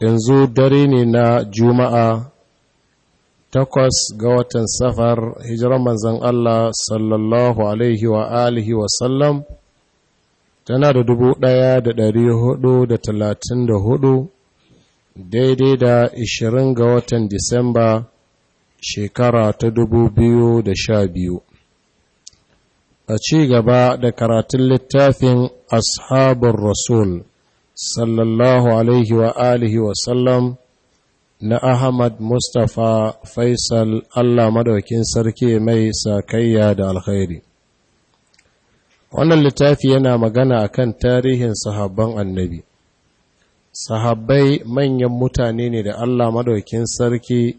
yanzu dare ne na juma'a takwas ga watan safar hijiran manzan Allah sallallahu alaihi wa alihi wa sallam tana da dubu ɗaya da ɗari hudu da talatin da hudu daidai da ishirin ga watan disamba shekara ta dubu biyu da sha biyu a ci gaba da karatun littafin ashabar rasul sallallahu alaihi wa alihi wasallam na Ahmad Mustapha Faisal Allah madaukin sarki mai sakayya da alkhairi. Wannan littafi yana magana akan tarihin sahabban annabi. Sahabbai manyan mutane ne da Allah madaukin sarki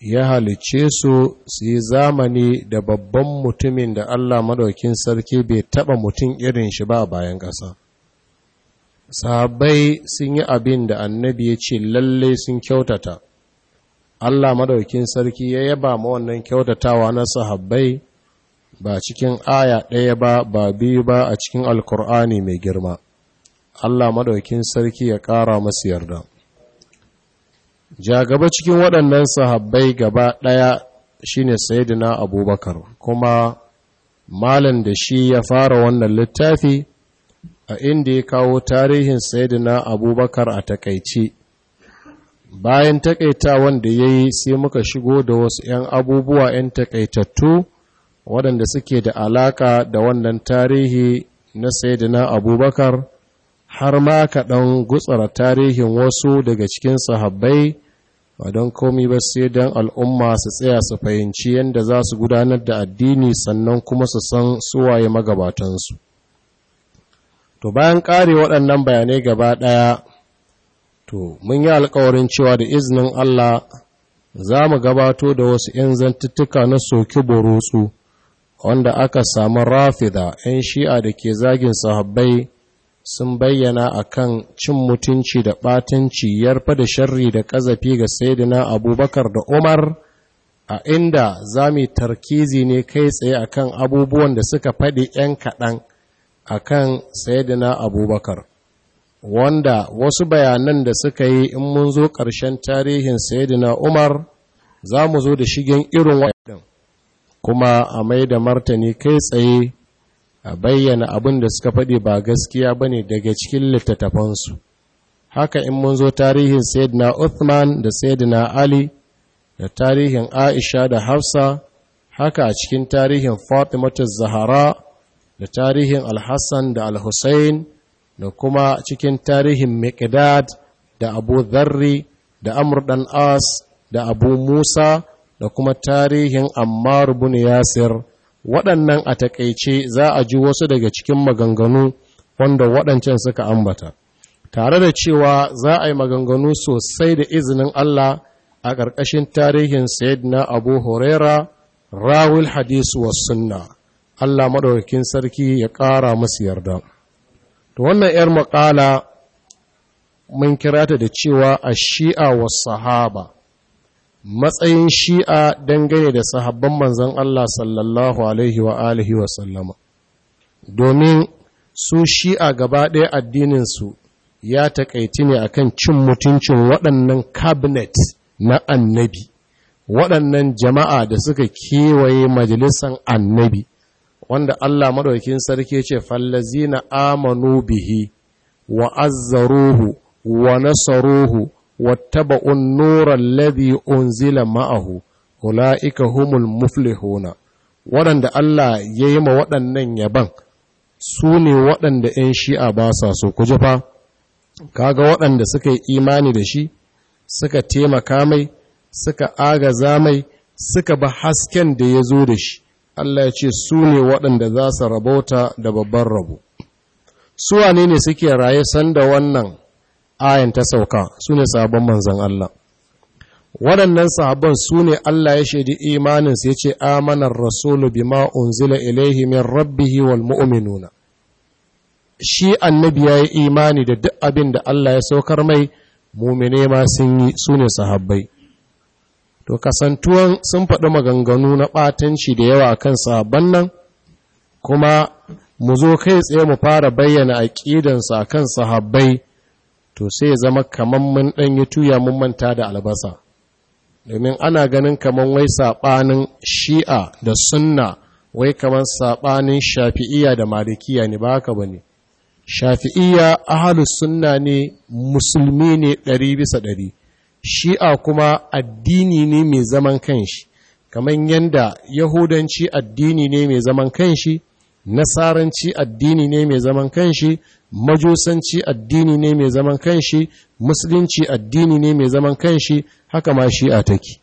ya halice su su yi zamani da babban mutumin da Allah madaukin sarki bai taba mutum irin shi ba a bayan ƙasa. sahabbai sun yi abin da annabi ya ce lalle sun kyautata Allah madaukin sarki ya yaba ma wannan kyautatawa na sahabbai ba cikin aya ɗaya ba ba biyu ba a cikin alkur'ani mai girma Allah madaukin sarki ya ƙara masu yarda jagaba cikin waɗannan sahabbai gaba ɗaya shine sayidina abubakar kuma malam da shi ya fara wannan littafi a inda ya kawo tarihin saidina abubakar a takaici, bayan takaita wanda ya yi sai muka shigo da wasu 'yan abubuwa 'yan takaitattu waɗanda suke da alaka da wannan tarihi na saidina abubakar har ma kaɗan gutsara tarihin wasu daga cikin sahabbai ba don komi ba sai don al'umma su tsaya su fahimci yadda za su gudanar da addini sannan kuma su san suwaye magabatansu to bayan ƙare waɗannan bayanai gaba ɗaya to mun yi alkawarin cewa da izinin Allah za mu gabato da wasu 'yan zantuttuka na soki borotsu wanda aka samu rafida 'yan shi'a da ke zagin sahabbai sun bayyana a kan cin mutunci da ɓatanci yarfa da sharri da ƙazafi ga saidina abubakar da umar a inda za mu tarkizi ne kai tsaye a kan abubuwan da suka faɗi 'yan kaɗan a kan sayidina abubakar wanda wasu bayanan da suka yi in mun zo ƙarshen tarihin sayidina umar za mu zo da shigen irin waɗin kuma a mai da martani kai tsaye a bayyana abin da suka faɗi ba gaskiya ba ne daga cikin littattafansu haka in mun zo tarihin sayidina uthman da sayidina ali da tarihin aisha da hafsa haka a cikin tarihin fatimatu zahara da tarihin alhassan da alhussain da kuma cikin tarihin miqdad da abu zarri da amur dan as da abu musa da kuma tarihin ammar bin yasir waɗannan a taƙaice za a ji wasu daga cikin maganganu wanda waɗancan suka ambata tare da cewa za a yi maganganu sosai da izinin Allah a ƙarƙashin tarihin Sayyidina Abu Huraira rawul hadis wa sunna Allah maɗaukakin sarki ya ƙara masu yarda to wannan 'yar maƙala mun kira ta da cewa a shi'a wa sahaba matsayin shi'a dangane da sahabban manzan Allah sallallahu alaihi wa alihi wa sallama domin su shi'a gaba ɗaya addininsu ya taƙaiti ne akan cin mutuncin waɗannan cabinet na annabi waɗannan jama'a da suka kewaye majalisan annabi wanda Allah maɗaukin sarki ce fallazina amanu bihi wa azzaruhu wa nasaruhu wattaba'un nuran ladhi unzila ma'ahu ula'ika humul muflihuna waɗanda Allah ya yi ma waɗannan yaban su ne waɗanda ‘yan shi'a ba sa so ku fa kaga waɗanda suka yi imani da shi suka taimaka mai suka agaza mai suka ba hasken da ya zo da shi Allah ya ce su ne waɗanda za su rabauta da babban rabo su Wanene ne suke raye sanda wannan ayan ta sauka su ne sabon manzan Allah waɗannan sabon su ne Allah ya shaidi imaninsu ya ce amanar rasulu ma’un zila ilaihi min rabbihi wal mu'uminuna. shi annabi ya yi imani da duk abin da Allah ya saukar mai mumine ma sun yi su ne sahabbai to kasantuwan sun faɗi maganganu na ɓatanci da yawa kan sabon nan kuma mu zo kai tsaye mu fara bayyana a kan sahabbai to sai zama kaman mun ɗan yi tuya mun manta da albasa domin ana ganin kaman wai saɓanin shi'a da sunna wai kaman saɓanin shafi'iya da malikiya ne ba haka ba ne shafi'iya ahalus sunna ne musulmi ne ɗari bisa ɗari shi'a kuma addini ne mai zaman kanshi kamar yadda yahudanci addini ne mai zaman kanshi nasaranci addini ne mai zaman kanshi majusanci addini ne mai zaman kanshi musulunci addini ne mai zaman kanshi haka ma shi'a take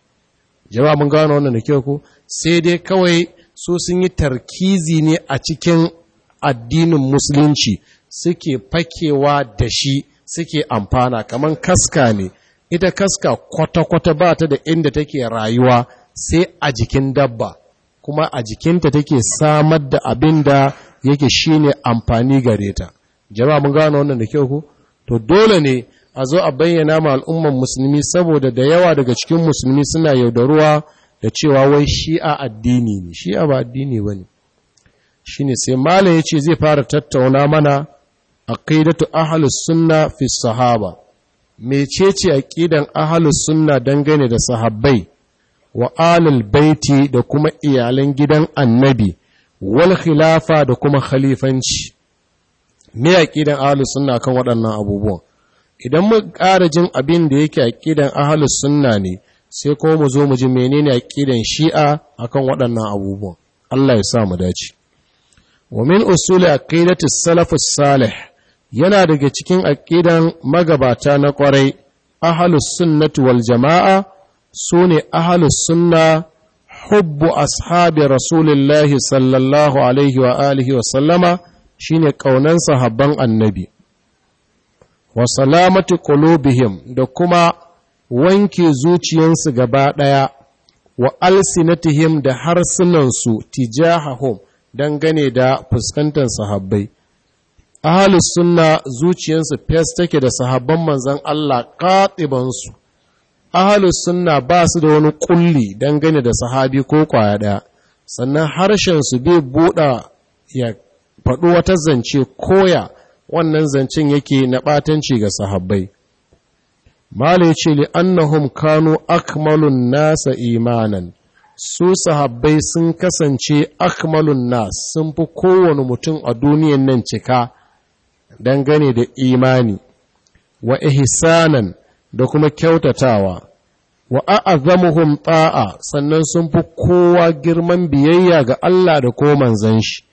jama'a mun gano wannan da kyau ko sai dai kawai su sun yi tarkizi ne a cikin addinin musulunci suke fakewa da shi suke amfana kamar kaska ne ita kaska kwata-kwata ba ta da inda take rayuwa sai a jikin dabba kuma a jikinta take samar da abin da yake ne amfani gare ta jama'a mun gano wannan da kyau ku to dole ne a zo a bayyana ma al'umman musulmi saboda da yawa daga cikin musulmi suna yaudaruwa da cewa wai shi'a addini ne shi'a ba addini ba bane ne sai malam ce zai fara tattauna mana a aqidatu ahlus sunna fi sahaba mecece aqidan ahlus sunna dangane da sahabbai wa alul baiti da kuma iyalan gidan annabi wal khilafa da kuma khalifanci me aqidan ahlus sunna kan waɗannan abubuwa? idan mu ƙara jin abin da yake aqidan ahlus sunna ne sai kuma mu zo mu ji menene aqidan shi'a akan waɗannan abubuwa? Allah ya sa mu dace wa min usuli aqidatis salafus salih yana daga cikin aƙidan magabata na ƙwarai ahalus sunnati wal jama'a su ne ahalus sunna hubbu ashabi rasulillahi sallallahu alaihi wa alihi wa sallama shine ƙaunan sahabban annabi wa salamatu qulubihim da kuma wanke zuciyansu gaba ɗaya wa alsinatihim da harsunansu tijahahum dangane da fuskantar sahabbai ahalus sunna zuciyarsu fes take da sahabban manzan Allah katibansu ahalus sunna ba su da wani kulli dangane da sahabi ko kwaya sannan sannan harshensu bai buɗa ya faɗo wata zance koya wannan zancen yake na ɓatanci ga sahabbai mala ya ce li'annahum kanu akmalun nasa imanan su sahabbai sun kasance akmalun nas sun fi kowane mutum a duniyan nan cika dangane da imani wa ihsanan da kuma kyautatawa wa a'azzamuhum ta'a sannan sun fi kowa girman biyayya ga Allah da ko manzon shi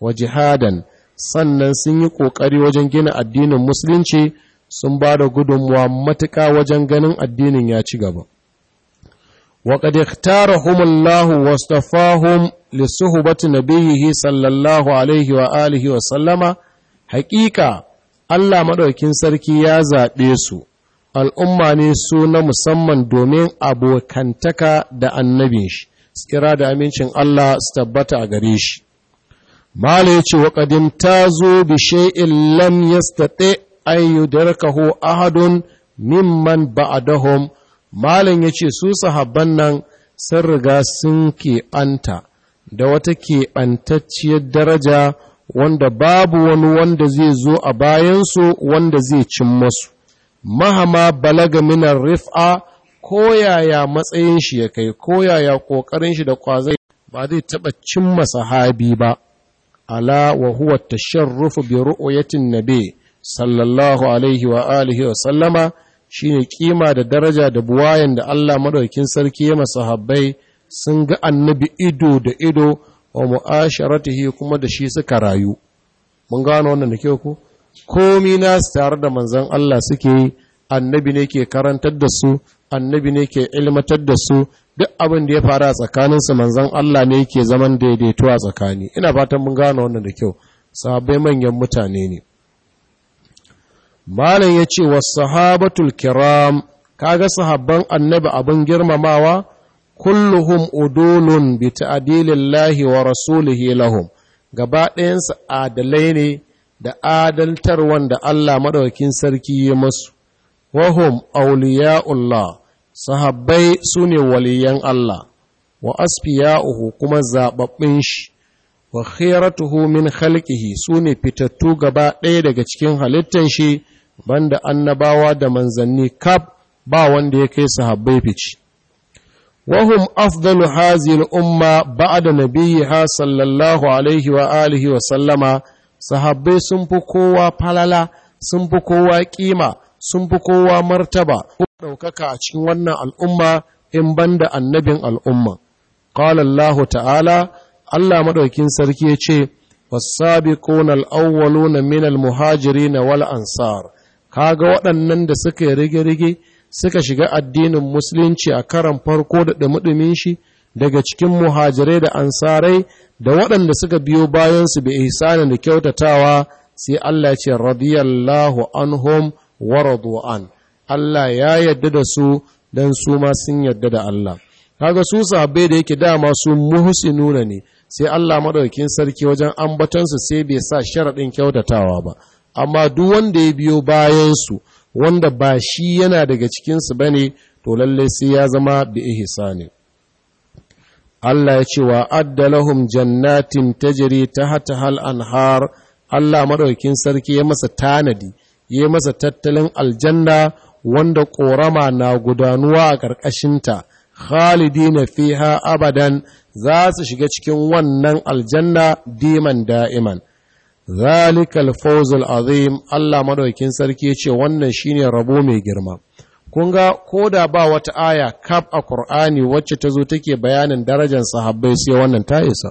wa jihadan sannan sun yi kokari wajen gina addinin musulunci sun ba da gudunmuwa matuƙa wajen ganin addinin ya ci gaba wa qad ikhtarahumullahu wastafahum li suhbati nabiyhi sallallahu alaihi wa alihi wa sallama Hakika Allah maɗaukin sarki ya zaɓe su, al'umma ne su na musamman domin abokantaka da annabin shi, tsira da amincin Allah su tabbata a gare shi. Mala ya ce, waƙadim ta zo bishe lam ya staɗe a ahadun mimman ba'adahom, Malam ya ce su sahabban nan sun riga sun keɓanta da wata keɓantacciyar daraja wanda babu wani wanda zai zo a bayansu wanda zai cin masu mahama balaga minar rif'a koyaya matsayin shi ya kai koyaya ƙoƙarin shi da kwazai ba zai taɓa cimma sahabi ba ala wa huwa tasharrufu bi ru'yatin nabi sallallahu alaihi wa alihi wa sallama shine kima da daraja da buwayan da Allah madaukin sarki ya masahabbai sun ga annabi ido da ido wa mu'asharatihi kuma da shi suka rayu mun gano wannan da kyau ko komi na tare da manzon Allah suke annabi ne ke karantar da su annabi ne ke ilmatar da su duk abin da ya faru a tsakaninsu manzon Allah ne yake zaman daidaito a tsakani ina fatan mun gano wannan da kyau sahabbai manyan mutane ne malam yace ce wa sahabatul kiram kaga sahabban annabi abin girmamawa kulluhum udulun bi ta'dilillahi wa rasulihi lahum gaba ɗayansu adalai ne da adaltarwan da Allah maɗaukin sarki ya masu wahum auliya'ullah sahabbai sune waliyan Allah wa asfiya'uhu kuma zababbin shi wa khairatuhu min khalqihi sune fitattu gaba ɗaya daga cikin halittan shi banda annabawa da manzanni kaf ba wanda ya kai sahabbai fice وهم أفضل هذه الأمة بعد نبيها صلى الله عليه وآله وسلم sahabbai sun fi kowa falala sun fi kowa kima sun fi kowa martaba ɗaukaka a cikin wannan al'umma in banda annabin al'umma qala Allah ta'ala Allah maɗaukin sarki ya ce was-sabiquna al-awwaluna min al-muhajirin wal ansar ga waɗannan da suka rage rige suka shiga addinin musulunci a karan farko da ɗumi shi daga cikin muhajirai da ansarai da waɗanda suka biyo bayansu bi ihsanin da kyautatawa sai Allah ce radiyallahu anhum wa an Allah ya yadda da su dan su ma sun yadda da Allah kaga su sabai da yake dama su muhsinuna ne sai Allah madaukakin sarki wajen ambatansu sai bai sa sharaɗin kyautatawa ba amma duk wanda ya biyo bayansu wanda ba shi yana daga cikinsu ba ne to lalle sai ya zama bi ihsani Allah ya ce wa addalahum jannatin tajri tahta hal anhar Allah maɗaukin sarki ya masa tanadi ya masa tattalin aljanna wanda korama na gudanuwa a ta khalidina fiha abadan za su shiga cikin wannan aljanna diman da'iman zalikal fawzul azim Allah madaukin sarki ya ce wannan shine rabo mai girma kun ga koda ba wata aya kaf a Qur'ani wacce ta zo take bayanin darajar sahabbai sai wannan ta isa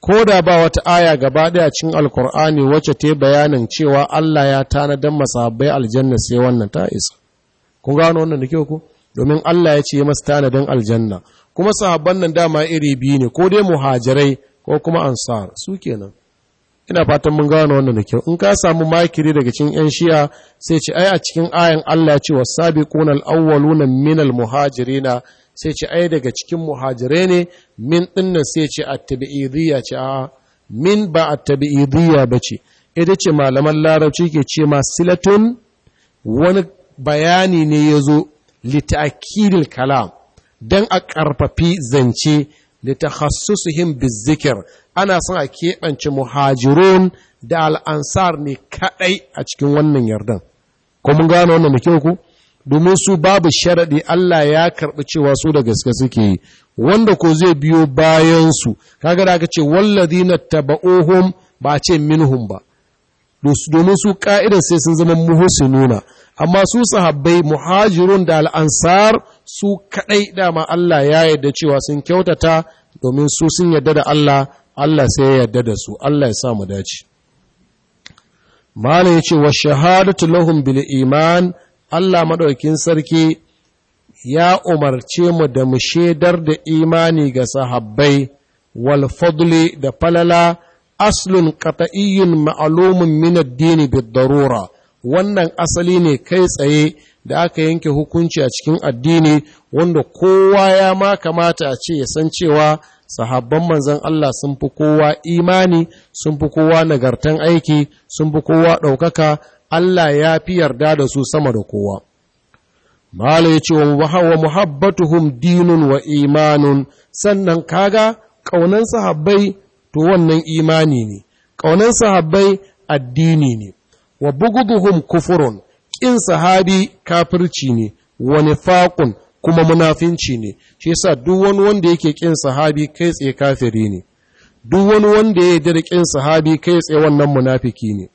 koda ba wata aya gaba daya cikin alqur'ani wacce ta bayanin cewa Allah ya tanadan masahabbai aljanna sai wannan ta isa kun gano wannan da kyau ku domin Allah ya ce ya masa tanadin aljanna kuma sahabban nan dama iri biyu ne ko dai muhajirai ko kuma ansar su kenan ina fatan mun gano wannan da kyau in ka samu makiri daga cikin yan shi'a sai ce ai a cikin ayan Allah ce wasabiquna al-awwaluna minal muhajirina sai ce ai daga cikin muhajire ne min dinnan sai ce at ce a min ba at bace ita ce malaman larabci ke ce ma silatun wani bayani ne yazo li kalam dan a karfafi zance da takhassusuhum bizikir ana son a keɓance muhajirun da al'ansar ne kaɗai a cikin wannan yardan ko mun gano wannan da ku domin su babu sharaɗi Allah ya karɓi cewa su da gaske suke yi wanda ko zai biyo bayansu kaga da aka ce walladina taba'uhum ba ce minhum ba domin su ka'idar sai sun zama muhsinuna amma su sahabbai muhajirun da al'ansar su kaɗai dama Allah ya yarda cewa sun kyautata domin su sun yarda da Allah Allah sai ya yarda da su Allah ya sa mu dace ya yace wa shahadatu lahum bil iman Allah maɗaukin sarki ya umarce mu da mu shedar da imani ga sahabbai wal fadli da falala aslun qata'iyyun ma'lumun min ad darura wannan asali ne kai tsaye da aka yanke hukunci a cikin addini wanda kowa ya ma kamata a ce ya san cewa sahabban manzan Allah sun fi kowa imani sun fi kowa nagartan aiki sun fi kowa ɗaukaka Allah ya fi yarda da su sama da kowa Mala ya ce wa muhabbatuhum dinun wa imanun sannan kaga ƙaunan sahabbai to wannan imani ne ƙaunan sahabbai addini ne wa bugu-bugu buguduhum kufurun ƙin sahabi kafirci ne wani faƙun kuma munafinci ne shi yasa duk wani wanda yake ƙin sahabi kai tsaye kafiri ne duk wani wanda ya yarda ƙin sahabi kai tsaye wannan munafiki ne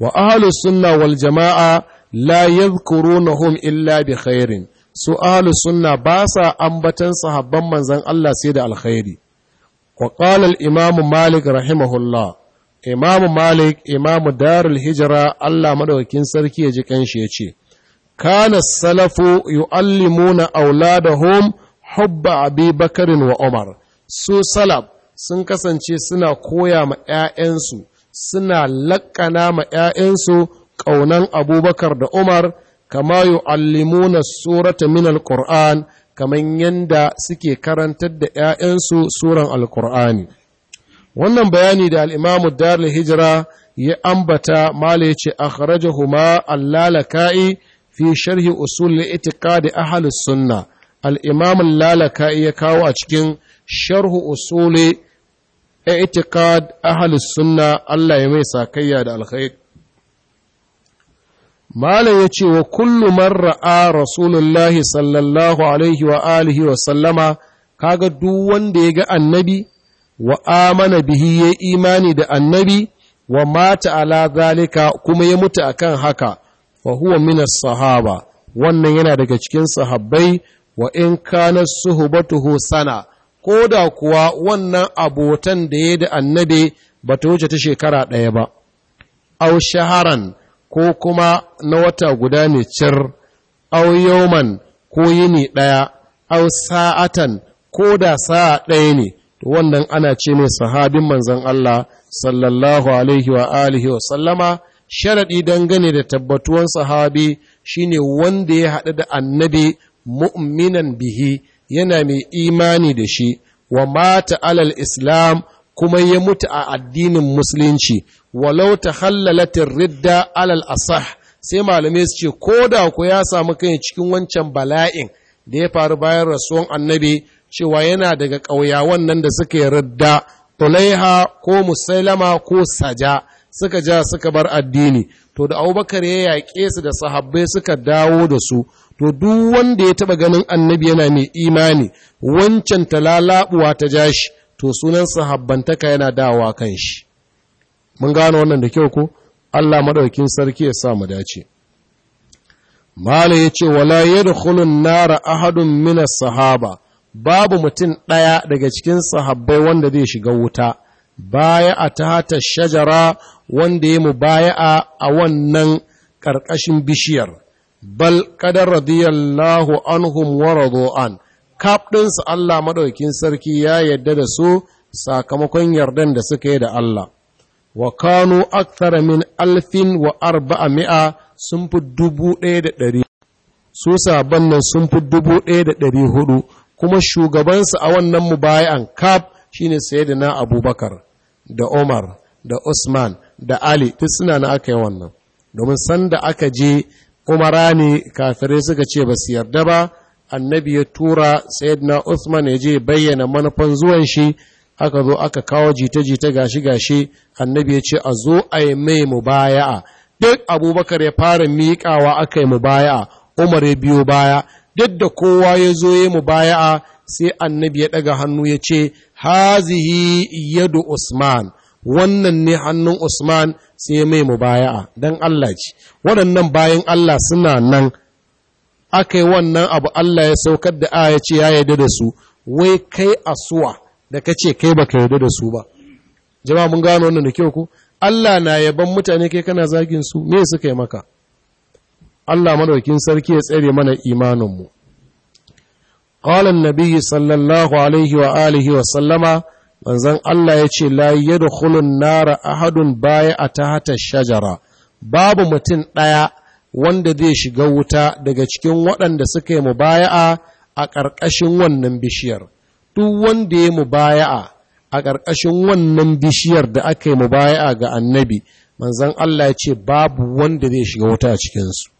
wa ahlu sunna wal jamaa la yadhkurunhum illa bi khairin su ahlus sunna ba sa ambatan sahabban manzon Allah sai da alkhairi wa qala al imam malik rahimahullah imamu malik imamu darul hijira allah madaukakin sarki ya ji kanshi ya ce kana salafu yu'allimuna auladahum hubba abi wa umar su salaf sun kasance suna koya ma 'ya'yansu suna lakkana ma 'ya'yansu ƙaunan abubakar da umar kama yu'allimuna surata min alqur'an kaman yanda suke karantar da 'ya'yansu suran alqur'ani wannan bayani da al'imamu darul hijira ya ambata mala ya ce akhrajahuma allalaka'i fi sharhi usul itiqadi ahli sunna al-imam lalaka'i ya kawo a cikin sharhu usul itiqad ahli sunna Allah ya mai sakayya da alkhair mala ya ce wa kullu man ra'a rasulullahi sallallahu alaihi wa alihi wa sallama kaga duk wanda ya ga annabi wa amana bihi ya imani da annabi wa mata ala zalika kuma ya mutu akan haka fa huwa sahaba wannan yana daga cikin sahabbai wa in kana suhbatuhu sana ko kuwa wannan abotan da ya da annabi ba ta wuce ta shekara ɗaya ba au shaharan ko kuma na wata guda ne cir au yauman ko yini ɗaya au sa'atan ko da sa'a ɗaya ne wannan ana ce mai sahabin manzan Allah sallallahu alaihi wa alihi wa sallama dangane da tabbatuwan sahabi shine wanda ya haɗu da annabi mu'minan bihi yana mai imani da shi wa mata alal islam kuma ya mutu a addinin musulunci walau ta hallalatin ridda alal asah sai malamai su ce ko da ku ya samu kai cikin wancan bala'in da ya faru bayan rasuwan annabi cewa yana daga ƙauya wannan da suka yi radda tulaiha ko musailama ko saja suka ja suka bar addini to da abubakar ya yaƙe su da sahabbai suka dawo da su to duk wanda ya taɓa ganin annabi yana mai imani wancan ta lalabuwa ta ja shi to sunan sahabbantaka yana dawa kan shi mun gane wannan da kyau ko Allah maɗaukin sarki ya sa mu dace mala yace wala yadkhulun nara ahadun minas sahaba babu mutum ɗaya daga cikin sahabbai wanda zai shiga wuta baya a ta hata shajara wanda ya mu baya a wannan ƙarƙashin bishiyar bal ƙadar radiyallahu anhum wa radu'an kaf ɗinsu Allah maɗaukin sarki ya yarda da su sakamakon yardan da suka yi da Allah wa kanu akthara min alfin wa arba'a mi'a sun fi dubu ɗaya da ɗari su nan sun fi dubu ɗaya da ɗari hudu kuma shugabansu a wannan mubayan kaf shine sayyidina abubakar da umar da usman da ali duk suna na aka yi wannan domin sanda aka je umara ne kafirai suka ce ba su yarda ba annabi ya tura sayyidina usman ya je bayyana manufan zuwan shi aka zo aka kawo jita-jita gashi-gashi annabi ya ce a zo a yi mai mubaya'a duk abubakar ya fara miƙawa aka yi mubaya'a umar ya biyo baya duk da kowa ya zo ya mubaya'a sai annabi ya ɗaga hannu ya ce hazihi yadu usman wannan ne hannun usman sai mai mubaya'a don allah ce waɗannan bayan allah suna nan aka yi wannan abu allah ya saukar da aya ce ya yarda da su wai kai asuwa da ka ce kai baka yarda da su ba jama'a mun gano wannan da kyau ku allah na yaban mutane kai kana zagin su me suka yi maka Allah madaukin sarki ya tsare mana imaninmu qala an-nabi sallallahu alaihi wa alihi wa sallama manzon Allah yace la yadkhulun nara ahadun baya a hata shajara babu mutum ɗaya wanda zai shiga wuta daga cikin waɗanda suka yi mubaya'a a ƙarƙashin wannan bishiyar duk wanda ya mubaya'a a ƙarƙashin wannan bishiyar da aka yi mubaya'a ga annabi manzon Allah ya ce babu wanda zai shiga wuta a cikinsu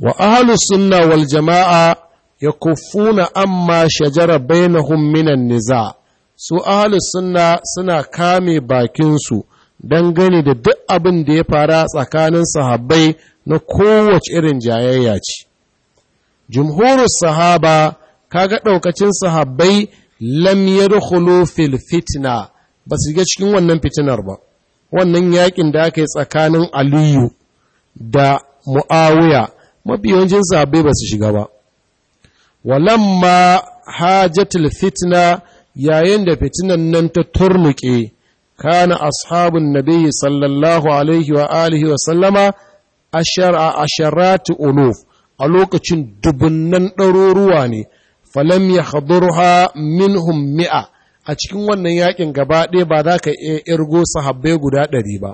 wa ahlu sunna wal jama'a kufuna amma shajara bainahum niza su ahlu sunna suna kame bakinsu dangane da duk abin da ya fara tsakanin sahabbai na kowace irin jayayya ce jumhurus sahaba kaga ɗaukacin sahabbai lam yadkhulu fil fitna ba su ga cikin wannan fitinar ba wannan yakin da aka yi tsakanin aliyu da mu'awiya mafi yawancin sahabbai ba su shiga ba walamma hajatul fitna yayin da fitinan nan ta turnuke kana ashabun nabi sallallahu alaihi wa alihi wa sallama ashara asharatu uluf a lokacin dubunnan ɗaruruwa ne falam ya hadurha minhum mi'a a cikin wannan yakin gaba ɗaya ba za ka iya irgo sahabbai guda ɗari ba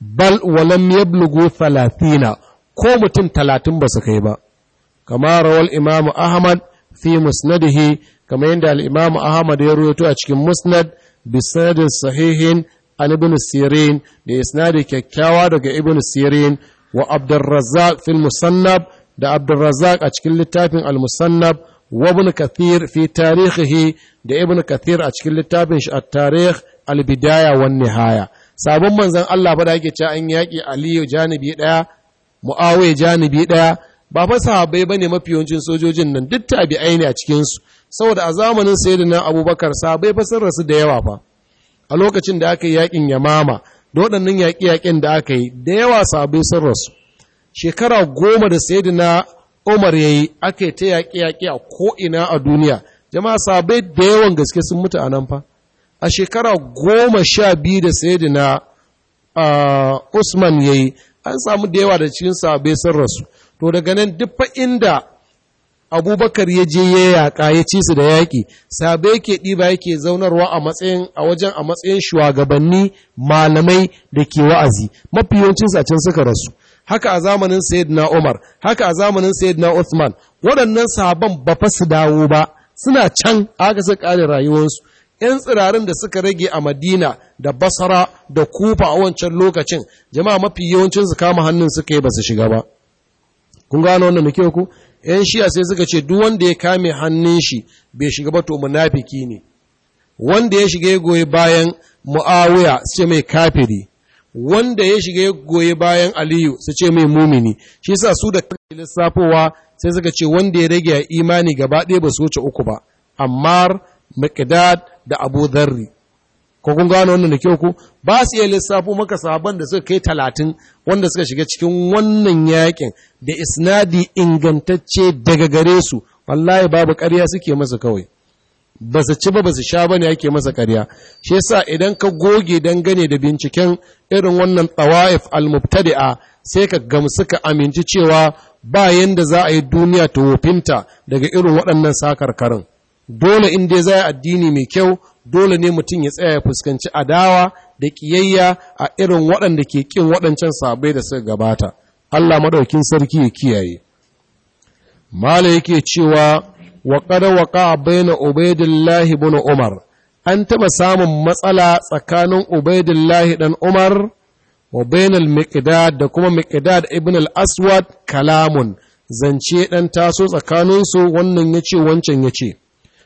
bal walam yablugu talatina ko mutum talatin ba su kai ba kama rawar imamu ahmad fi musnadihi Kamar yadda al'imamu ahmad ya ruwato a cikin musnad bisanadin sahihin an ibn sirin da isnadi kyakkyawa daga ibn sirin wa abdurrazzaq fil musannab da abdurrazzaq a cikin littafin al-musannab wa ibn kathir fi tarihihi da ibn kathir a cikin littafin shi at-tarikh al-bidaya wan nihaya sabon manzon Allah ba da yake cewa an yaki aliyu janibi daya mu'awiya janibi ɗaya ba fa sahabbai bane mafi yawancin sojojin nan duk tabi'ai ne a cikinsu. saboda a zamanin sayidina abubakar sahabbai ba sun rasu da yawa fa a lokacin da aka yi yakin yamama da waɗannan yaƙi-yaƙin da aka yi da yawa sahabbai sun rasu shekara goma da sayidina umar ya yi aka yi ta yaƙi-yaƙi a ko'ina a duniya jama'a sahabbai da yawan gaske sun mutu a nan fa a shekara goma sha biyu da sayidina ah, Usman ya yi an samu da yawa da cikin bai sun rasu to daga nan duk fa inda abubakar ya je ya yaƙa ya ci su da yaƙi sabe yake ɗiba yake zaunarwa a matsayin a wajen a matsayin shugabanni malamai da ke wa'azi mafi yawancin sa can suka rasu haka a zamanin sayyidina Umar haka a zamanin sayyidina Uthman waɗannan sahabban ba fa su dawo ba suna can aka suka kare rayuwarsu 'yan tsirarin da suka rage a madina da basara da kufa a wancan lokacin jama'a mafi yawancin su kama hannun suka yi ba su shiga ba kun gano wannan da ku 'yan shiya sai suka ce duk wanda ya kame hannun shi bai shiga ba to munafiki ne wanda ya shiga ya goyi bayan mu'awiya ce mai kafiri wanda ya shiga ya goyi bayan aliyu su ce mai mumini shi sa su da lissafowa sai suka ce wanda ya rage imani gaba ɗaya ba su wuce uku ba ammar Mekedad da abu dharri ko kun gano wannan da kyau ku ba su iya lissafo maka sabon da suka kai talatin wanda suka shiga cikin wannan yakin da isnadi ingantacce daga gare su wallahi babu ƙarya suke masa kawai ba su ci ba ba su sha ba ne ake masa ƙarya shi yasa idan ka goge dangane da binciken irin wannan tawa'if al-mubtadi'a sai ka gamsu ka aminci cewa ba yanda za a yi duniya ta wofinta daga irin waɗannan sakarkarin dole in dai za addini mai kyau dole ne mutum ya tsaya ya fuskanci adawa da ƙiyayya a irin waɗanda ke ƙin waɗancan sabai da suka gabata Allah maɗaukin sarki ya kiyaye mala yake cewa wa qad waqa baina ubaidillahi ibn umar an taɓa samun matsala tsakanin ubaidillahi dan umar wa bainal miqdad da kuma miqdad ibn al-aswad kalamun zance ɗan taso tsakaninsu wannan yace wancan yace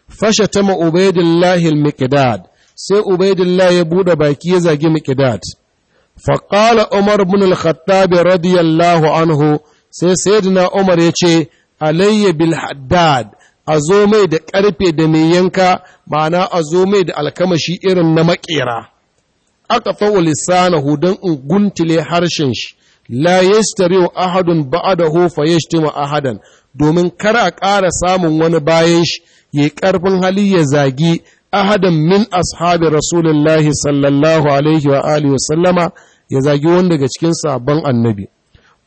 Fashe ta al-miqdad sai Ubaidulahi ya buɗe baki ya zagi miqdad qala umar bin al-khattab radiyallahu anhu sai sayyidina umar ya ce alayya bil haddad a mai da ƙarfe da mai yanka mana azo mai da alkamashi irin na maƙera aka fawo lisanahu don in guntule harshen shi la yastari ahadun ba'dahu fa yashtimu ahadan domin kar a ƙara samun wani bayan shi ya ƙarfin hali ya zagi ahadan min ashabi rasulullahi sallallahu alaihi wa alihi wa sallama ya zagi wani daga cikin sabon annabi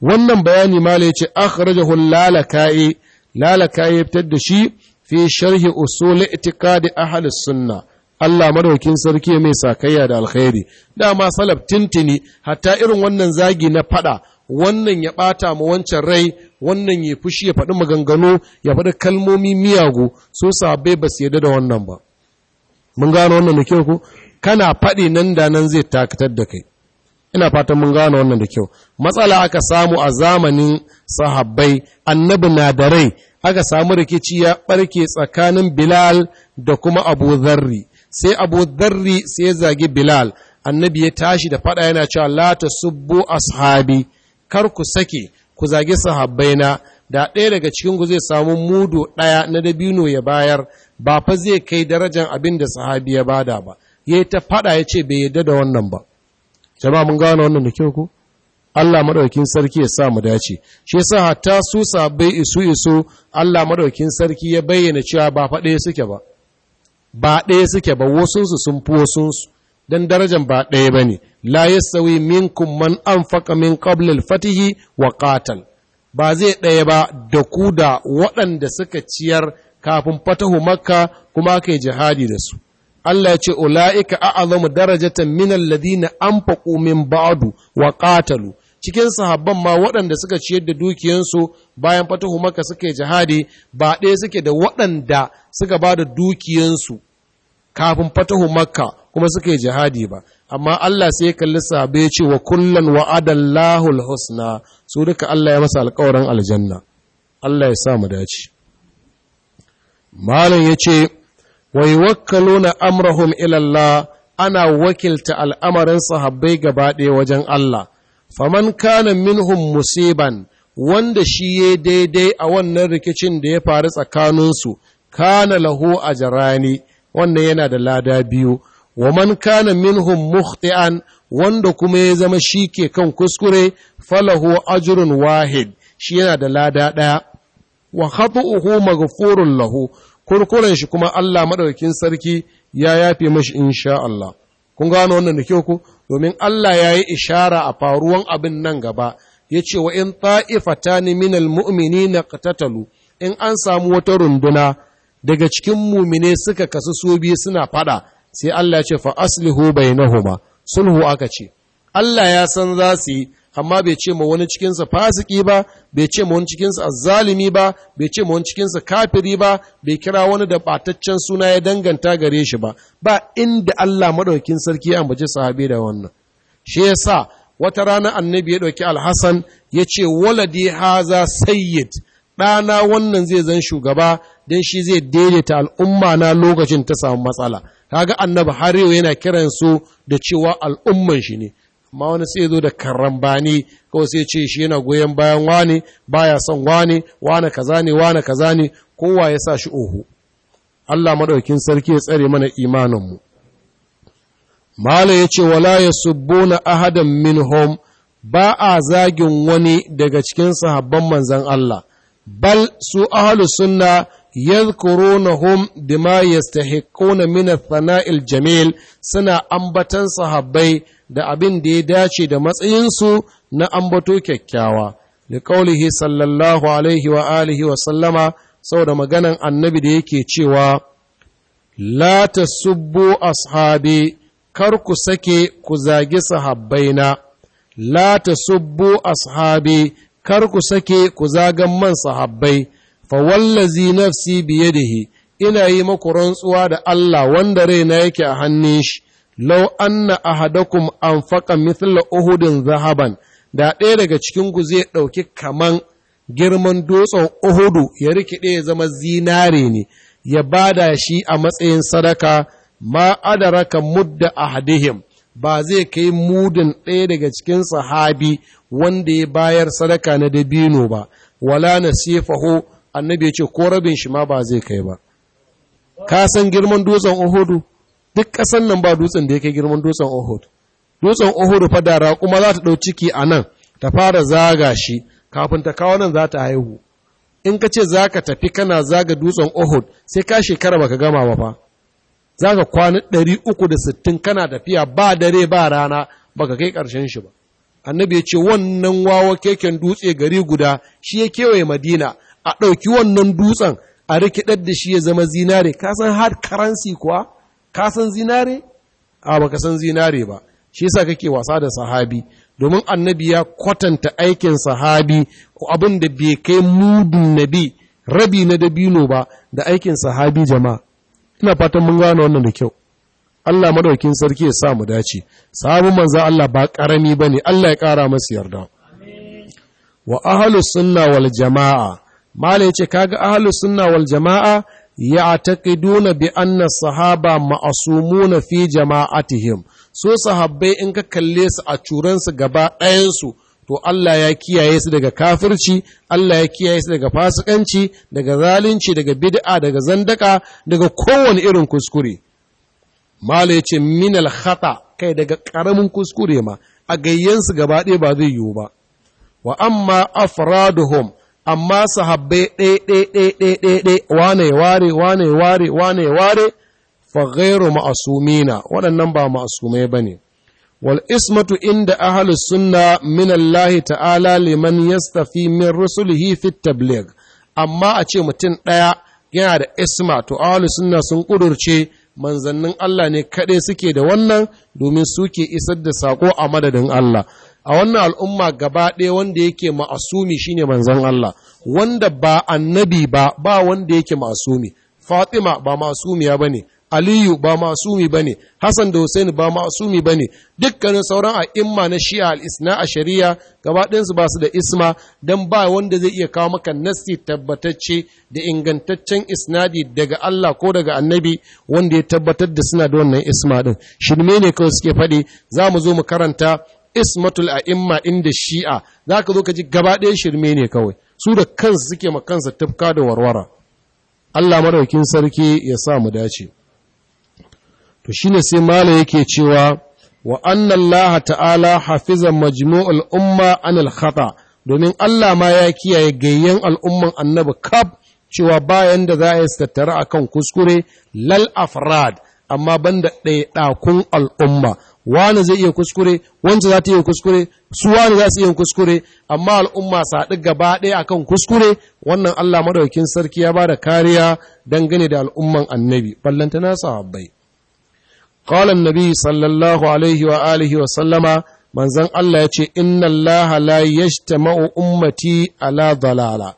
wannan bayani ma ya ce akhrajahu lalaka'i lalaka'i fitar da shi fi sharhi usul i'tiqadi ahli sunna Allah madaukin sarki mai sakayya da alkhairi dama salaf tintini hatta irin wannan zagi na fada wannan ya bata mu wancan rai wannan ya fushi ya faɗi maganganu ya faɗi kalmomi miyagu so sabai ba su yadda da wannan ba mun gano wannan da kyau ko kana faɗi nan da nan zai takatar da kai ina fatan mun gano wannan da kyau matsala aka samu a zamanin sahabbai annabi na da rai aka samu rikici ya ɓarke tsakanin bilal da kuma abu zarri sai abu zarri sai ya zagi bilal annabi ya tashi da faɗa yana cewa la ta subbu ashabi kar ku sake ku zage na, da ɗaya daga cikin ku zai samu mudu ɗaya na dabino ya bayar ba fa zai kai darajar abin da sahabi ya bada ba yayi ta fada ya ce bai yadda da wannan ba jama'a mun gano wannan da kyau ko Allah madaukin sarki ya sa mu dace shi yasa hatta su sahabbai isu isu Allah madaukin sarki ya bayyana cewa ba fa ɗaya suke ba ba ɗaya suke ba wasunsu sun fi wasunsu don darajar ba ɗaya bane la yasawi minkum man anfaqa min qabla al-fatihi wa qatal ba zai ɗaya ba da ku da waɗanda suka ciyar kafin fatahu makka kuma aka yi jihadi da su Allah ya ce ula'ika a'azamu darajatan min alladhina anfaqu min ba'du wa qatalu cikin sahabban ma waɗanda suka ciyar da dukiyansu bayan fatahu maka suka yi jihadi ba ɗaya suke da waɗanda suka ba da dukiyansu kafin fatahu makka kuma suka yi jihadi ba amma Allah sai kalli sahabai ya ce wa kullun wa'adallahu al-husna su duka Allah ya masa alƙawarin aljanna Allah ya sa mu dace malam yace wai wakkaluna amrahum ila Allah ana wakilta al'amarin sahabbai gaba ɗaya wajen Allah faman kana minhum musiban wanda shi ya daidai a wannan rikicin da ya faru tsakaninsu kana lahu a jarani wannan yana da lada biyu wa man kana minhum mukhti'an wanda kuma ya zama shi ke kan kuskure falahu ajrun wahid shi yana da lada ɗaya wa khatuhu maghfurun lahu kurkuren shi kuma Allah madaukakin sarki ya yafe mashi insha Allah kun gano wannan da kyau ku domin Allah ya yi ishara a faruwan abin nan gaba ya ce wa in ta'ifatani minal na qatatalu in an samu wata runduna daga cikin mumine suka kasu su biyu suna fada sai Allah ya ce fa aslihu bainahuma sulhu aka ce Allah ya san za su yi amma bai ce ma wani cikinsa fasiki ba bai ce ma wani cikinsa azzalimi ba bai ce ma wani cikinsa kafiri ba bai kira wani da bataccen suna ya danganta gare shi ba ba inda Allah maɗaukin sarki ya ambaci sahabi da wannan shi yasa wata rana annabi ya dauki alhasan ya ce waladi haza sayyid ɗana wannan zai zan shugaba don shi zai daidaita al'umma na lokacin ta samu matsala kaga annabi har yau yana kiran su da cewa al'umman shi ne amma wani sai zo da karambani ko sai ce shi yana goyon bayan wani baya son wani wani kaza ne wani kaza ne kowa ya sa shi oho Allah madaukin sarki ya tsare mana imanin mu mala ce wala yasubbuna ahadan minhum ba a zagin wani daga cikin sahabban manzon Allah bal su ahlus sunna yadhkurunahum bima yastahiquna min athana'il jamil suna ambatan sahabbai da abin da ya dace da matsayinsu na ambato kyakkyawa da qaulihi sallallahu alaihi wa alihi wa sallama saboda maganan annabi da yake cewa la tasubbu ashabi kar ku sake ku zagi sahabbaina la tasubbu ashabi kar ku sake ku zagan man sahabbai fa wallazi nafsi biyadihi ina yi maku rantsuwa da Allah wanda raina yake a hannun shi law anna ahadakum anfaqa mithla uhudin zahaban da ɗaya daga cikin ku zai ɗauki kaman girman dutsen uhudu ya rikide ya zama zinare ne ya bada shi a matsayin sadaka ma adaraka mudda ahadihim ba zai kai mudin ɗaya daga cikin sahabi wanda ya bayar sadaka na dabino ba wala nasifahu annabi ya ce ko rabin shi ma ba zai kai ba ka san girman dutsen ohudu duk ƙasan nan ba dutsen da ya girman dutsen ohudu dutsen ohudu ra kuma za ta ɗau ciki a nan ta fara zaga shi kafin ta kawo nan za ta haihu in ka ce za ka tafi kana zaga dutsen ohud sai ka shekara baka gama ba fa za ka kwana sittin kana tafiya ba dare ba rana baka kai ƙarshen shi ba annabi ya ce wannan wawa keken dutse gari guda shi ya kewaye madina a ɗauki wannan dutsen a rikidar da shi ya zama zinare ka san hard currency kuwa ka san zinare a baka san zinare ba shi yasa kake wasa da sahabi domin annabi ya kwatanta aikin sahabi ko abin da bai kai mudun nabi rabi na dabino ba da aikin sahabi jama'a ina fatan mun gano wannan da kyau Allah madaukin sarki ya sa mu dace sahabin manzo Allah ba karami bane Allah ya kara masa yarda wa ahlus sunna wal jamaa mala ya ce kaga ahalus suna wal jama'a ya'taqiduna bi anna sahaba ma'asumuna fi jama'atihim so sahabbai in ka kalle su a curansu gaba ɗayansu to Allah ya kiyaye su daga kafirci Allah ya kiyaye su daga fasikanci daga zalunci daga bid'a daga zandaka daga kowane irin kuskure mala ya ce minal hata kai daga ƙaramin kuskure ma a gayyansu gaba ɗaya ba zai yiwu ba wa amma afraduhum amma sahabbai ɗai ɗai wane ware wane ware wane ware faghairu ma'asumina waɗannan ba ma'asumai ba ne wal ismatu inda ahli sunna min Allah ta'ala liman yastafi min rusulihi fi tabligh amma a ce mutum ɗaya yana da isma to ahli sunna sun ƙudurce manzannin Allah ne kaɗai suke da wannan domin suke isar da sako a madadin Allah a wannan al'umma gaba ɗaya wanda yake ma'asumi shine manzon Allah wanda ba annabi ba ba wanda yake ma'asumi Fatima ba ma'asumiya bane Aliyu ba masumi ba ne, Hassan da Hussein ba ma'asumi ba ne, dukkanin sauran a'imma na shi'a al'isna a shari'a ɗinsu ba su da isma don ba wanda zai iya kawo maka nasi, tabbatacce da ingantaccen isnadi daga Allah ko daga annabi wanda ya tabbatar da suna da wannan isma ɗin. Shirme ne kawai suke faɗi, za mu zo mu karanta ismatul imma inda shi'a za ka zo ka ji gaba ɗaya shirme ne kawai su da kansu suke ma kansa tafka da warwara Allah madaukin sarki ya sa mu dace to shine sai mala yake cewa wa annan laha ta'ala hafiza majmu'ul al'umma, an khata domin Allah ma ya kiyaye gayyan al'umman annabi kaf cewa bayan da za a yi tattara akan kuskure lal afrad amma banda ɗakun al'umma wani zai iya kuskure wanda za ta iya kuskure su wani za su iya kuskure amma al'umma saɗi gaba ɗaya akan kuskure wannan Allah madaukin sarki ya bada kariya dangane da al'umman annabi ballanta na sahabbai qala annabi sallallahu alaihi wa alihi wa sallama manzon Allah ya ce inna Allah la yajtama'u ummati ala dalala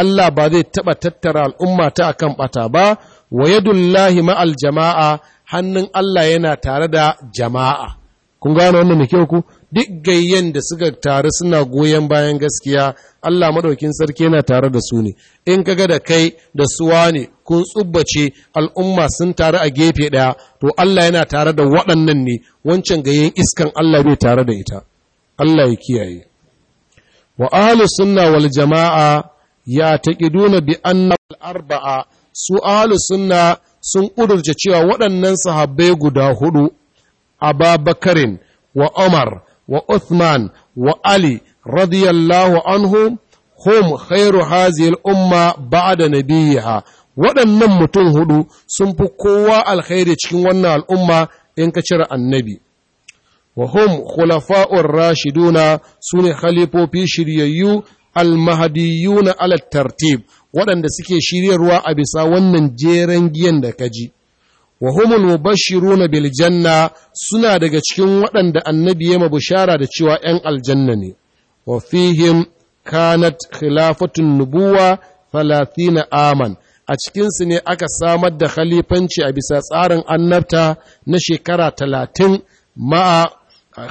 Allah ba zai taɓa tattara al'umma ta akan ɓata ba wa yadullahi ma'al jama'a hannun Allah yana tare da jama'a kun gano wannan da kyau ku duk gayyen da suka taru suna goyon bayan gaskiya Allah maɗaukin sarki yana tare da su ne in kaga da kai da suwa ne kun tsubbace al'umma sun taru a gefe ɗaya to Allah yana tare da waɗannan ne wancan gayyen iskan Allah bai tare da ita Allah ya kiyaye wa ahlus sunna wal jama'a ya taqiduna bi arba'a su ahlus sunna sun ƙudurce cewa waɗannan sahabbai guda hudu ababakarin wa Umar wa Uthman wa Ali radiyallahu anhu hum khairu hazil umma ba'da nabiyha waɗannan mutum hudu sun fi kowa alkhairi cikin wannan al'umma in ka cire annabi wa hum khulafa'ur rashiduna sune khalifofi shiryayyu al-mahdiyuna al tartib waɗanda suke shiryarwa a bisa wannan jeren giyan da kaji wa humul bashi, bil biljanna, suna daga cikin waɗanda annabi ya bishara da cewa ‘yan aljanna ne wa fihim kanat khilafatun nubuwa 30 aman a cikinsu ne aka samar da khalifanci a bisa tsarin annabta na shekara talatin ma'a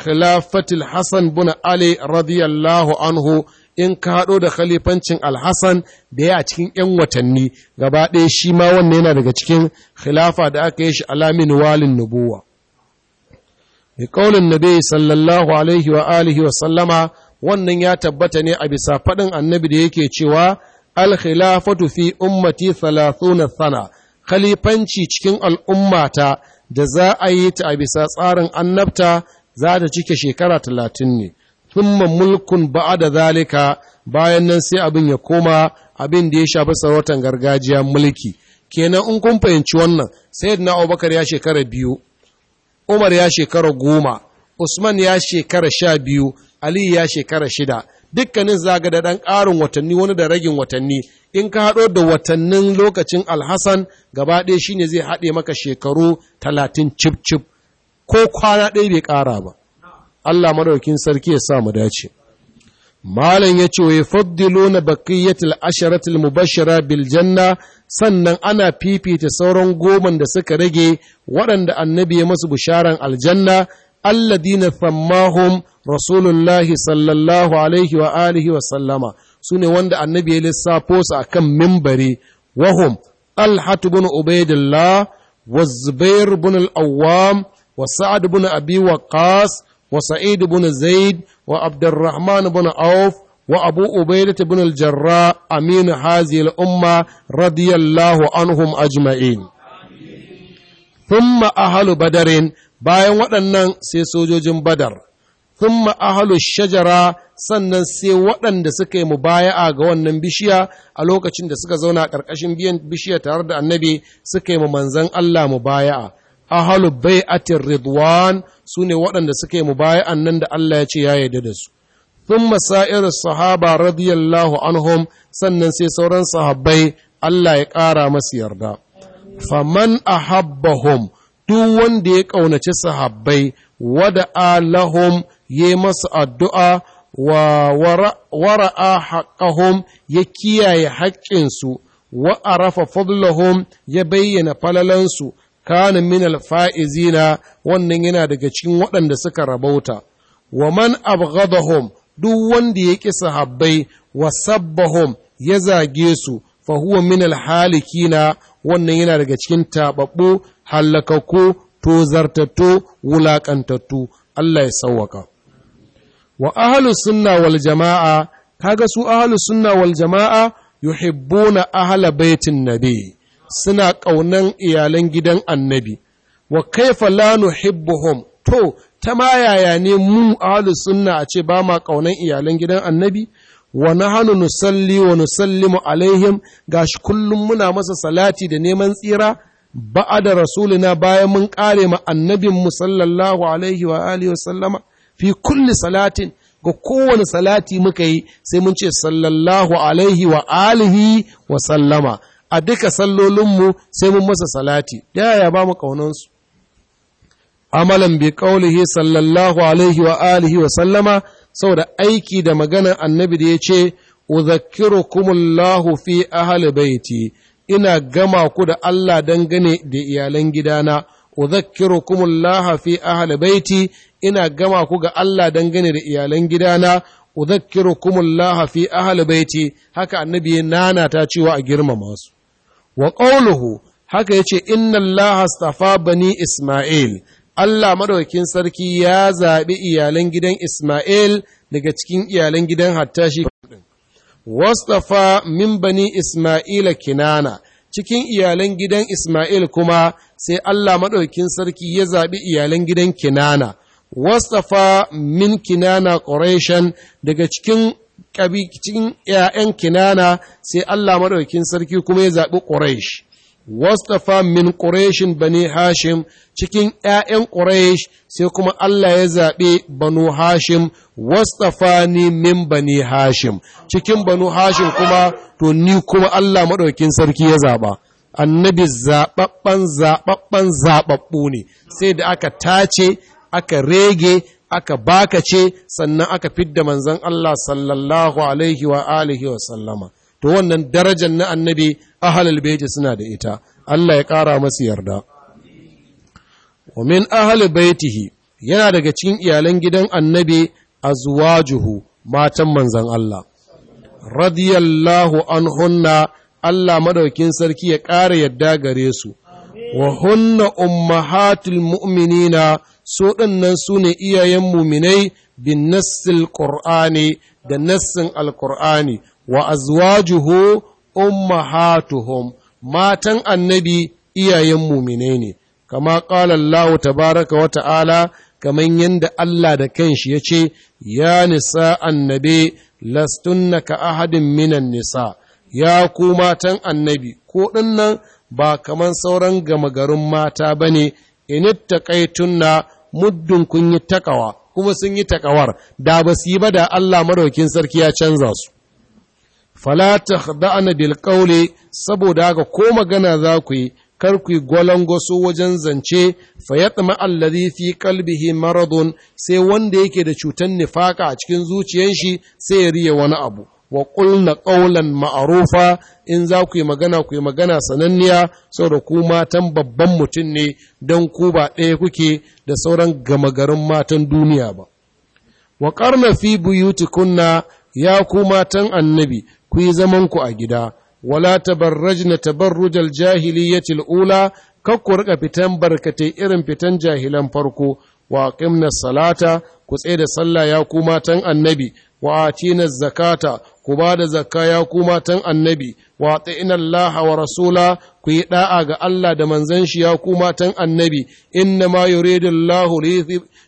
khilafatul Hassan Buna, Ali radiyallahu anhu in ka haɗo da khalifancin alhassan da ya a cikin 'yan watanni gaba ɗaya shi ma wannan yana daga cikin khilafa da aka yi shi alamin walin nubuwa Mai ƙaunin nabi sallallahu alaihi wa alihi wa sallama wannan ya tabbata ne a bisa faɗin annabi da yake cewa alkhilafatu fi ummati thalathuna sana khalifanci cikin al'ummata da za a yi ta a bisa tsarin annabta za ta cike shekara talatin ne thumma mulkun ba'da zalika bayan nan sai abin ya koma abin da ya shafi sarautar gargajiya mulki kenan in kun fahimci wannan sayyidina Abubakar ya shekara biyu Umar ya shekara goma Usman ya shekara sha biyu Ali ya shekara shida dukkanin zaga da dan ƙarin watanni wani da ragin watanni in ka haɗo da watannin lokacin alhassan gaba ɗaya shine zai haɗe maka shekaru talatin cif cif ko kwana ɗaya bai ƙara ba Allah maɗaukin sarki ya sa mu dace malam ya ce wa yafaddilu na baqiyatil asharatil mubashshara bil janna sannan ana fifita sauran goman da suka rage waɗanda annabi ya masu bisharan aljanna alladina thammahum rasulullahi sallallahu alaihi wa alihi wa sallama sune wanda annabi ya lissafo su akan mimbari wahum alhat bin ubaidillah wa zubair bin al-awwam wa sa'ad bin abi waqas wa Sa'id ibn Zaid wa Abdurrahman ibn Auf wa Abu Ubaidah ibn al-Jarrah amin hazihi al-umma radiyallahu anhum ajma'in thumma ahlu badarin bayan waɗannan sai sojojin badar thumma ahlu shajara sannan sai waɗanda suka yi mubaya'a ga wannan bishiya a lokacin da suka zauna ƙarƙashin biyan bishiya tare da annabi suka yi manzan Allah mubaya'a ahlu bai'atir ridwan su ne waɗanda suka yi mubaya'an nan da Allah ya ce ya yi da su Tun masa'ir sahaba radiyallahu anhum sannan sai sauran sahabbai Allah ya ƙara masu yarda faman a hum duk wanda ya ƙaunaci sahabbai wada alahum ya masu addu'a wa wara'a haƙahum ya kiyaye haƙƙinsu wa arafa fadlahum ya bayyana falalansu kana min alfa'izina wannan yana daga cikin waɗanda suka rabauta wa man abghadahum duk wanda ya ƙi sahabbai wa sabbahum ya zage su fa huwa min alhalikina wannan yana daga cikin tababbu to tozartattu wulaƙantattu Allah ya sauwaka wa ahlu sunna wal jama'a kaga su ahlus sunna wal jama'a yuhibbuna ahla baitin nabi suna ƙaunan iyalan gidan annabi, wa kaifa la nuhibbuhum to ta ma yaya ne mu ahlus sunna a ce ba ma ƙaunan iyalan gidan annabi wa hannu nusalli wa nusallimu alaihim gashi kullum muna masa salati da neman tsira da rasulina bayan mun kare ma annabin mu sallallahu alaihi wa alihi wa sallama fi kulli salatin ga kowane salati muka yi sai mun ce sallallahu alaihi wa alihi wa sallama a duka sallolinmu sai mun masa salati Ya ba mu ƙaunansu amalan bi qaulihi sallallahu alaihi wa alihi wa sallama saboda aiki da magana, annabi da yace udhakkirukumullahu fi ahli baiti ina gama ku da Allah dangane da iyalan gidana udhakkirukumullahu fi ahli baiti ina gama ku ga Allah dangane da iyalan gidana udhakkirukumullahu fi ahli baiti haka annabi ya nana ta cewa a girmama su wa ƙauluhu haka ya ce inna bani Ismail Allah madaukakin sarki ya zaɓi iyalan gidan Ismail daga cikin iyalan gidan hattashi wastafa min bani Ismaila kinana cikin iyalan gidan Ismail kuma sai Allah madaukakin sarki ya zaɓi iyalan gidan kinana wastafa min kinana ƙorashen daga cikin cikin ‘ya'yan kinana sai Allah maɗaukin sarki kuma ya zaɓi ƙuraish. Wastafa min ƙureshin bani Hashim cikin ‘ya'yan ƙuresh sai kuma Allah ya zaɓi banu Hashim, wastafa ni min bani Hashim, cikin banu Hashim kuma to ni kuma Allah maɗaukin sarki ya zaɓa. Annabi zaɓaɓɓen zaɓaɓɓen zaɓaɓɓu ne, sai da aka tace, aka rege, aka baka ce sannan aka fidda manzan Allah sallallahu alaihi wa alihi wa sallama to wannan darajar na annabi ahlul baiti suna da ita Allah ya ƙara masu yarda wa min ahlul baitihi yana daga cikin iyalan gidan annabi azwajuhu matan manzan Allah radiyallahu anhunna Allah madaukin sarki ya ƙara yadda gare su wa hunna ummahatul mu'minina su ɗannan su ne iyayen muminai bin nassil ƙur'ani da nassin alƙur'ani wa azwajuhu ummahatuhum matan annabi iyayen muminai ne kama ƙalar Allah tabaraka wa ta'ala kamar yadda Allah da kanshi ya ce ya nisa annabi lastunna ka ahadin minan nisa ya ku matan annabi ko ɗannan ba kamar sauran gama garin mata ba ne inittaqaitunna muddin kun yi takawa kuma sun yi takawar da ba su yi ba da Allah maraukin sarki ya canza su Falata da'ana bil ƙaule saboda haka ko magana za ku yi kar ku yi gwalangwaso wajen zance fa yatma allazi fi kalbihi maradun sai wanda yake da cutar nifaka a cikin zuciyar sai ya riya wani abu wa ƙulla ƙaulan ma'arufa in za ku yi magana ku yi magana sananniya saboda ku matan babban mutum ne don ku ba ɗaya kuke da sauran gama garin matan duniya ba. Wa ƙarna fi buyuti kunna ya ku matan annabi ku yi zamanku a gida, wala tabarrajna tabarrujal ya ula kakku rika fitan barkatai irin fitan jahilan farko wa qimna salata ku tsaye da sallah ya ku matan annabi wa atina zakata ku ba da zakka ya ku matan annabi wa Allah wa rasula ku yi da'a ga Allah da manzan shi ya ku matan annabi inna ma yuridu Allah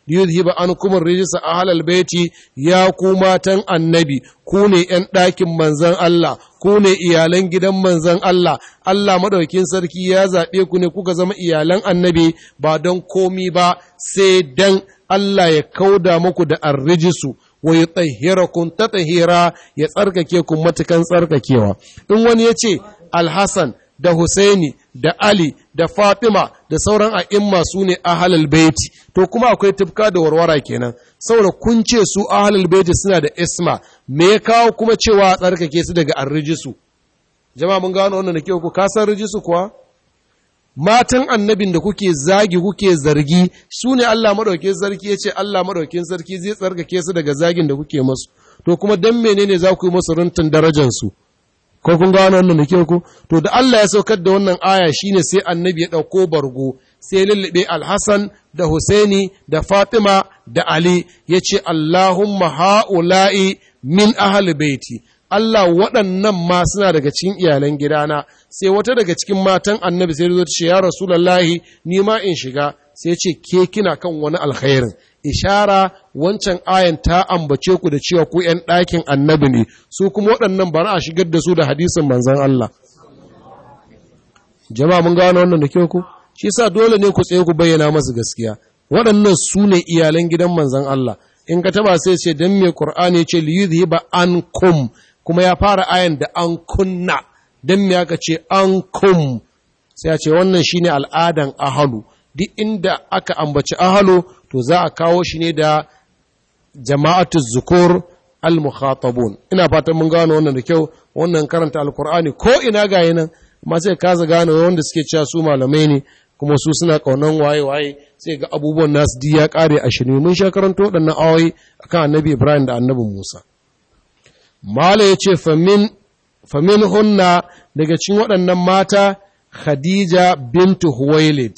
yuzhiba ankum ar-rijsa ahlal baiti ya ku matan annabi ku ne yan ɗakin manzan Allah ku ne iyalan gidan manzan Allah Allah madaukin sarki ya zaɓe ku ne kuka zama iyalan annabi ba don komi ba sai dan Allah ya kauda muku da arrijisu wa yutahhirakum tatahira ya tsarkake ku matukan tsarkakewa in wani ya ce Alhassan da Hussaini da Ali da Fatima da sauran a'imma su ne halal baiti to kuma akwai tufka da warwara kenan saboda kun ce su halal baiti suna da isma me ya kawo kuma cewa tsarkake su daga arrijisu jama'a mun gano wannan da kyau ku kasan rijisu kuwa matan annabin da kuke zagi kuke zargi su ne Allah maɗauki sarki ya ce Allah maɗaukin sarki zai tsarkake su daga zagin da kuke masu to kuma dan menene za ku yi masu runtun darajansu ko kun gano wannan da ke to da Allah ya saukar da wannan aya ne sai annabi ya ɗauko bargo sai lullube alhassan da husaini da fatima da ali ya ce allahumma ha'ula'i min ahal baiti Allah waɗannan ma suna daga cikin iyalan gidana sai wata daga cikin matan annabi sai zo ce ya rasulullahi ni ma in shiga sai ce ke kina kan wani alkhairin ishara wancan ayan ta ambace ku da cewa ku ƴan ɗakin annabi ne su kuma waɗannan ba a shigar da su da hadisin manzon Allah jama'a mun gano wannan da kyau ku shi sa dole ne ku tsaye ku bayyana masu gaskiya waɗannan su ne iyalan gidan manzon Allah in ka taba sai ce dan me qur'ani ce li yuzhiba ankum kuma ya fara ayan da an kunna don ya aka ce an kun sai ya ce wannan shi ne al'adan ahalu duk inda aka ambaci ahalu to za a kawo shi ne da jama'atu zukur al-mukhatabun ina fatan mun gano wannan da kyau wannan karanta al alkur'ani ko ina ga nan amma sai ka za gano wanda suke cewa su malamai ne kuma su suna kaunan waye-waye sai ga abubuwan nasu di ya kare a shirme mun sha karanto waɗannan awayi akan annabi Ibrahim da annabi Musa Mala ya ce, Famin hunna daga cikin waɗannan mata, Khadija bintu Huwailid,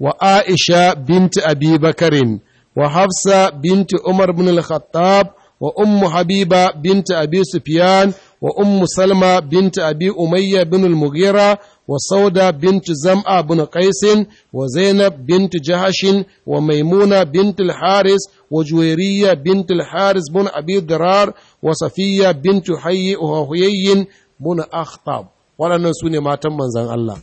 wa Aisha bintu Abi Bakarin, wa Hafsa bintu Umar bin al-Khattab, wa Ummu Habiba bintu Abi Sufyan, wa Ummu Salma bintu Abi Umayya bin al-Mughira, وسودة بنت زمعة بن قيس وزينب بنت جهش وميمونة بنت الحارس وجويرية بنت الحارس بن أبي درار وصفية بنت حي وهي بن أخطب ولا نسوني ما تم زن الله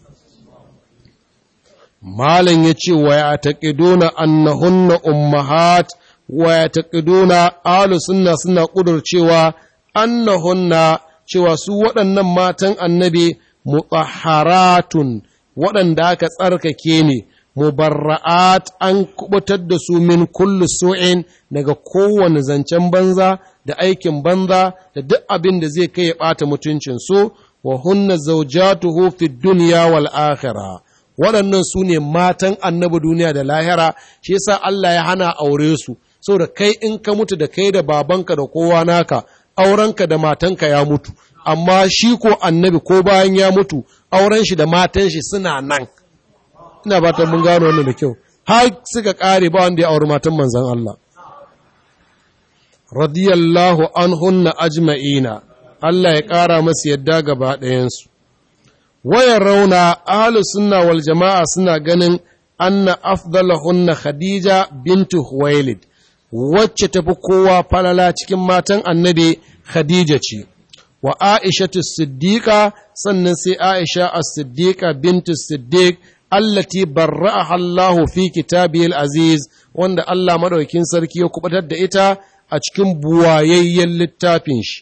مالن يتشي ويعتقدون أنهن أمهات ويعتقدون آل سنة سنة قدر cewa annahunna cewa su waɗannan matan annabi mutaharatun waɗanda aka tsarkake ne mubarra'at an kubutar da su min kullu su'in daga kowane zancen banza da aikin banza da duk abin da zai kai ya ɓata mutuncin su wa hunna zawjatuhu fi dunya wal akhirah waɗannan su ne matan annabi duniya da lahira shi yasa Allah ya hana aure su saboda kai in ka mutu da kai da babanka da kowa naka aurenka da matanka ya mutu amma shi ko annabi ko bayan ya mutu auren shi da matan shi suna nan ina ba ta mun gano wannan da kyau har suka kare ba wanda ya auri matan manzan Allah radiyallahu anhunna ajma'ina Allah ya kara masu yadda gaba ɗayansu Wayan rauna ahlu sunna wal jama'a suna ganin anna hunna khadija bintu huwailid wacce tafi kowa falala cikin matan annabi khadija ce wa Aisha siddiqa sannan sai Aisha as-siddiqa bintu siddiq allati barra'aha Allahu fi kitabihi al-aziz wanda Allah madaukin sarki ya kubatar da ita a cikin buwayayyen littafin shi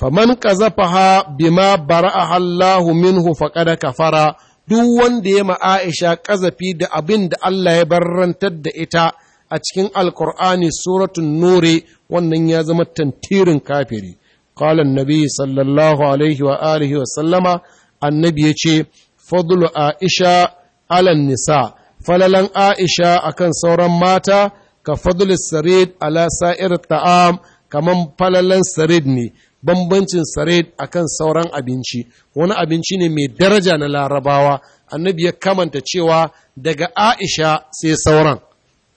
faman qazafaha bima barra'aha Allahu minhu faqad kafara duk wanda ya ma Aisha ƙazafi da abin da Allah ya barrantar da ita a cikin alkur'ani suratun nure wannan ya zama tantirin kafiri قال النبي صلى الله عليه وآله وسلم النبي يشي فضل عائشة على النساء فللن عائشة أكن سورا ماتا كفضل السريد على سائر الطعام kaman falalan sarid ne bambancin sared akan sauran abinci wani abinci ne mai daraja na larabawa annabi ya kamanta cewa daga aisha sai sauran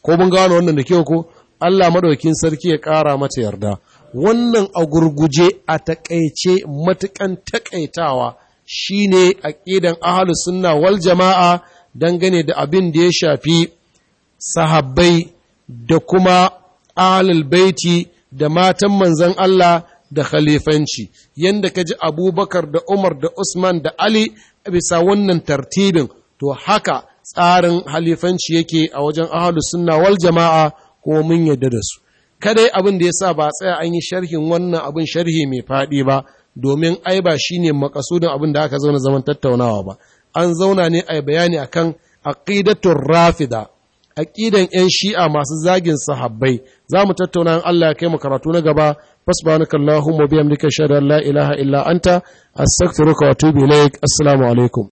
ko mun gano wannan da kyau ko Allah madaukin sarki ya ƙara mata yarda wannan a gurguje a taƙaice matuƙan taƙaitawa shine aƙidan ahlus sunna wal jama'a dangane da abin da ya shafi sahabbai da kuma ahalul baiti da matan manzon Allah da khalifanci Yadda ka ji abubakar da umar da usman da ali bisa wannan tartibin to haka tsarin halifanci yake a wajen ahalus sunna wal jama'a ko mun yadda da su kada abin da ya sa ba tsaya an yi sharhin wannan abin sharhi mai faɗi ba domin ai ba shi ne makasudin abin da aka zauna zaman tattaunawa ba an zauna ne a bayani akan aqidatul rafida aqidan yan shi'a masu zagin sahabbai za mu tattauna in Allah ya kai mu karatu na gaba fasbanaka mu bihamdika shada la ilaha illa anta astaghfiruka wa atubu ilaik assalamu alaikum